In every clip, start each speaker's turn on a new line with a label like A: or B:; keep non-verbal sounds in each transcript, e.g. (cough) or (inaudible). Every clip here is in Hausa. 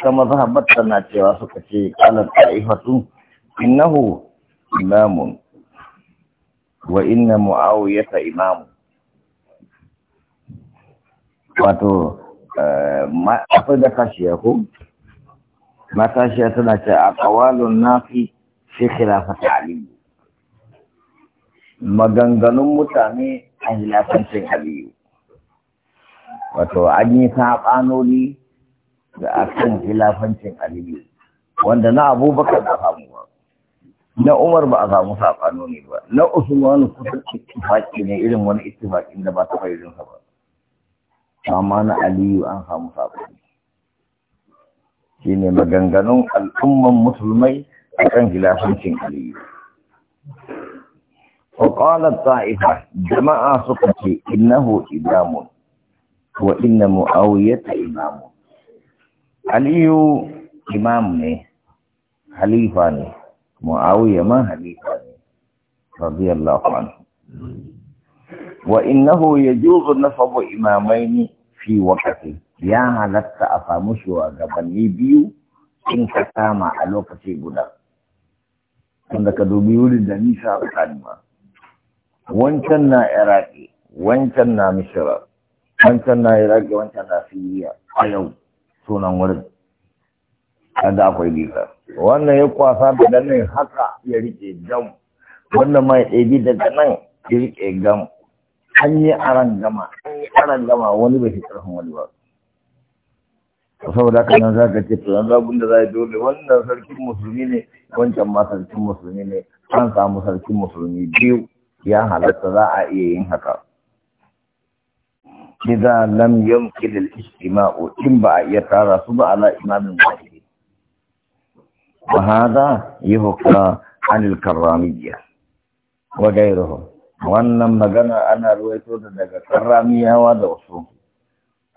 A: ta mazhabar tana cewa suka ce kalar ta'ifatu innahu imamun wa inna mu'awiyata imamu wato eh, akwai da kashiya ko matashiya tana ce a kawalun nafi fi khilafati aliyu maganganun mutane a hilafancin aliyu wato an yi saɓanoni da a kan hilafancin aliyu wanda na abubakar da samu ba na umar ba a samu saɓano ne ba na usman kusan ittifaki ne irin wani ittifakin da ba ta fa'irin sa ba amma na aliyu an samu saɓano shine maganganun al'umman musulmai kan hilafancin aliyu وقال الطائفة جماعة سقطي إنه إمام وإن معاوية إمام aliyu imam ne halifa ne muawiya ma halifa ne radiyallahu anhu wa innahu yajuzu nasabu imamaini fi waqti ya halatta a samu shugabanni biyu in ka kama a lokaci guda Wanda ka dubi wurin da nisa tsakani kanima. wancan na iraki wancan na misira wancan na iraki wancan na siriya a yau sunan wurin kada akwai riga wannan ya kwasa da nan haka ya rike gam wannan ma ya ɗebi daga nan ya rike gam an yi aran gama an yi aran gama wani bai fi ƙarfin wani ba saboda kan nan zaka ce to yanzu da za yi dole wannan sarkin musulmi ne wancan ma sarkin musulmi ne an samu sarkin musulmi biyu ya halatta za a iya yin haka إذا لم يمكن الاجتماع إن بقى يتعرف على إمام واحد وهذا يحكى عن الكرامية وغيره wannan magana ana ruwaito da daga karramiyawa da wasu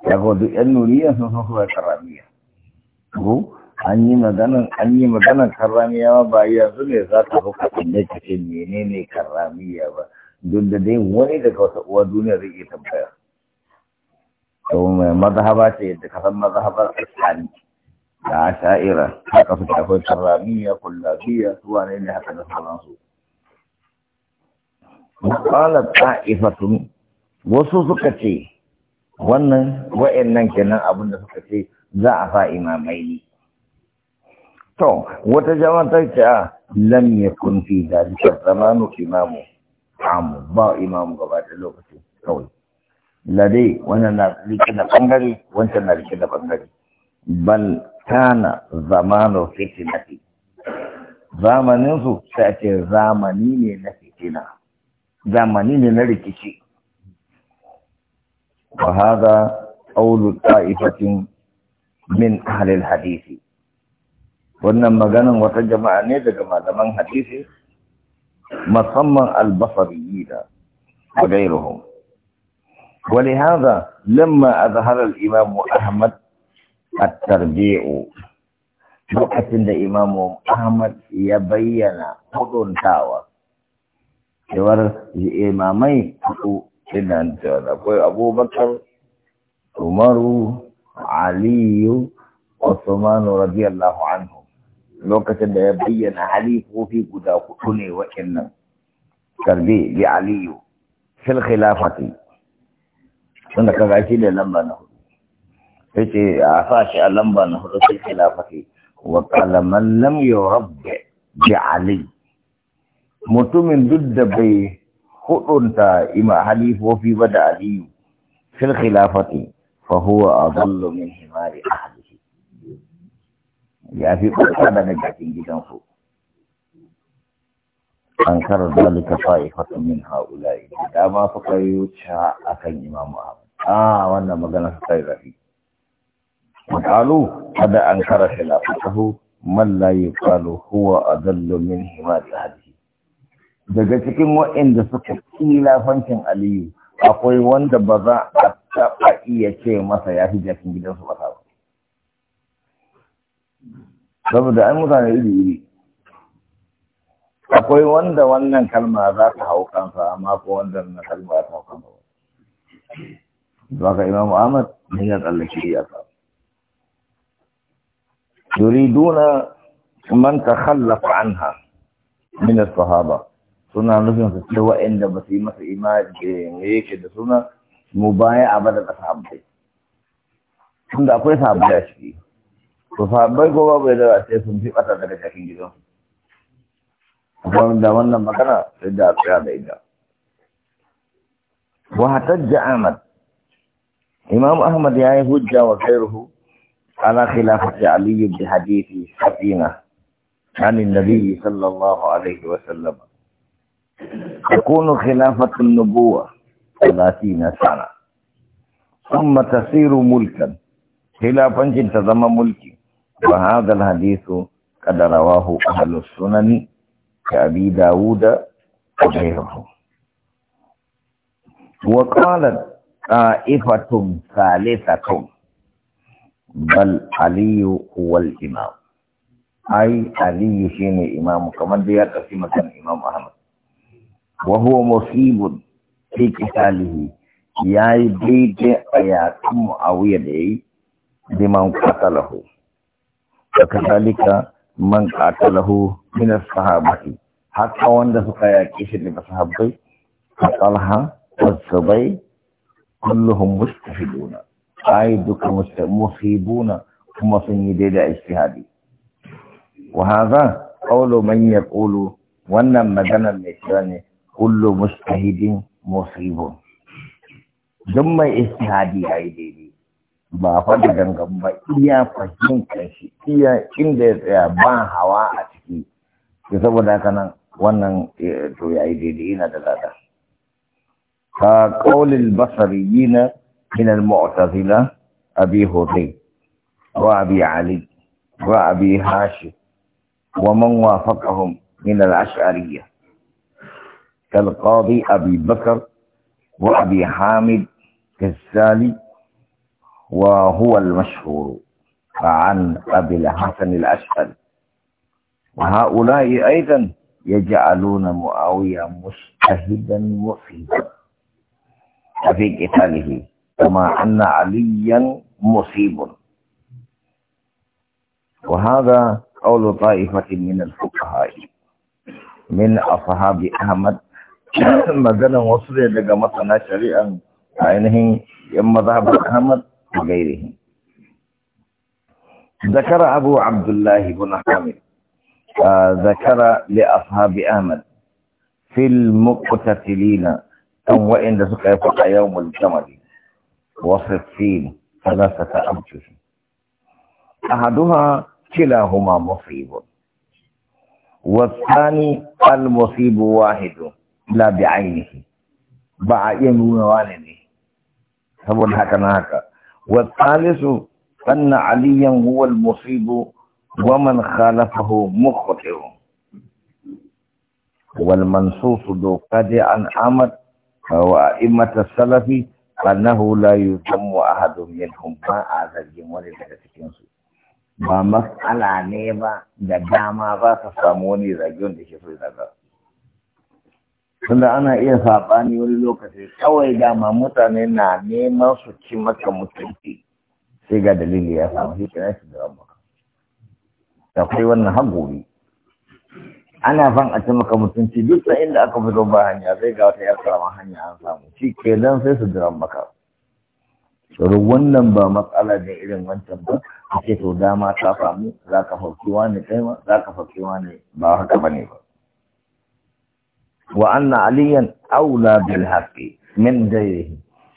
A: ya duk yan nuriya sun san kuma karamiya ko an yi maganan an yi maganan karamiyawa ba yanzu ne za ta fi inda da ce menene karamiya ba duk da dai wani daga wata uwa duniya zai iya tambaya mai mazhaba ce yadda ka san mazhabar alƙali da asha'ira haka su akwai tarramiya kullabiya suwa ne ne haka da sauransu Mukalar ta'ifatun wasu suka ce wannan wa'annan kenan abin da suka ce za a sa imamai ne. To, wata jama'a ta ce a ah, lam yakun fi dalikar zamanu imamu, amu ba imamu gaba da lokaci kawai. lade wannan na rike da bangare wancan na rike da bangare bal kana zamanu fitinati zamanin su sai ce zamani ne na fitina zamani ne na rikici wa hada qawlu ta'ifatin min ahli alhadith hadisi wannan maganan wata jama'a ne daga malaman hadisi musamman al da wa ghayruhum ولهذا لما أظهر الإمام أحمد الترجيع وقت الإمام أحمد يبين قدون تاوى كور الإمامي قطو إن أنت أبو بكر عمر علي عثمان رضي الله عنه لوقت عند يبين علي في قدا قطوني وإن ترجيع لعلي في الخلافة tunda kaga shi da lamba na hudu sai ce a sa shi a lamba na hudu sai khilafati wa qala man lam yurabbi bi ali mutumin duk da bai hudunta ima halifofi ba da aliyu fil khilafati fa huwa adallu min himari ahlihi ya fi kuka daga cikin gidansu an dalika fa'ifatun min haula'i da ma suka yi wuce akan imamu a wannan magana su kai rafi qalu kada an kara khilafatahu man la yuqalu huwa adallu min hima hadihi daga cikin waɗanda suka fancin aliyu akwai wanda ba za a taba iya ce masa ya fi jakin gidansu ba saboda an mutane iri iri akwai wanda wannan kalma za ta hau kansa amma ko wanda wannan kalma za ta hau kansa ba ka imamu ahmad ne ya tsallake ya yuri duna man an ha min sahaba suna nufin su ce wa'anda ba su yi masa imani eh, yake da suna mu baya a bada da sahabbai tunda akwai sahabbai a ciki to sahabbai ko babu yadda a ce sun fi bata daga cikin gidansu ومن ده وانا مكانا سيدا سيادة وحتج أحمد إمام أحمد يعني حجة وغيره على خلافة علي بحديث سفينة عن النبي صلى الله عليه وسلم تكون خلافة النبوة ثلاثين سنة ثم تصير ملكا خلافا تزم ملكي وهذا الحديث قد رواه أهل السنن كأبي داود وغيره وقالت طائفة ثالثة بل علي هو الإمام أي علي شيني إمام كما ديات أسمة الإمام أحمد وهو مصيب في قتاله ياي بيت آيات معاوية دي بمن قتله وكذلك man qatalahu min as-sahabati hatta wanda suka yaki shi daga sahabbai qatalha wasabai kulluhum mustafiduna ay duk mustafibuna kuma sun yi da a ijtihadi wa hadha qawlu man yaqulu wannan magana mai cewa ne kullu mustahidin musibun duk mai ijtihadi yayi daidai ba fa da gangan ba iya fahimtar shi iya inda ya tsaya ba hawa a ciki ya saboda haka nan wannan to yayi daidai yana da lada ka qaulil basariyina min al mu'tazila abi hudayy wa abi ali wa abi hashim wa man wafaqahum min al ash'ariyya kal qadi abi bakr wa abi hamid كالسالي وهو المشهور عن أبي الحسن الأشهر وهؤلاء أيضا يجعلون معاوية مجتهدا مصيبا في قتاله كما أن عليا مصيب وهذا قول طائفة من الفقهاء من أصحاب أحمد (coughs) مثلا وصل لقمتنا شريعا عينه يما ذهب أحمد وغيره ذكر أبو عبد الله بن حامد آه، ذكر لأصحاب أحمد في المقتتلين أن وإن يفق يوم الجمل وصفين ثلاثة أبجر أحدها كلاهما مصيب والثاني المصيب واحد لا بعينه ba a iya هكذا هكذا والثالث أن عليا هو المصيب ومن خالفه مخطئ والمنصوص ذو عن عمد وأئمة السلف أنه لا يذم أحد منهم ما أعزجهم ولدكتكين سوء ba matsala ne ba da dama za ka samu wani zagiyon da ke so daga tunda ana iya saɓani wani lokaci kawai dama mutane na neman su ci maka mutunci sai ga dalili ya samu shi kira shi da maka da kai wannan hagobi ana fan a ci maka mutunci duk da inda aka fito ba hanya sai ga wata yar hanya an samu shi ke dan sai su dira maka Tsoron wannan ba matsala ne irin wancan ba a ce to dama ta samu za ka farki wani kai ma za ka farki wani ba haka ba ba وأن عليا أولى بالحق من غيره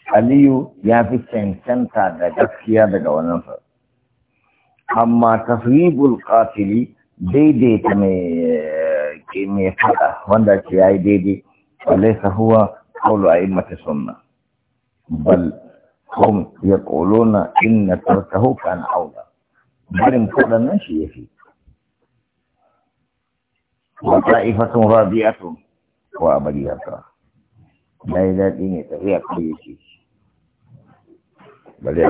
A: علي يافي سنسنتا دقسيا دقوانفا أما تصويب القاتل ديدي تمي كمي فتا آي دي ديدي وليس هو قول أئمة السنة بل هم يقولون إن تركه كان أولى بل كل الناس يفي وطائفة رابعة ko amaryarsa na yi daɗi ne tafiya kai yake bari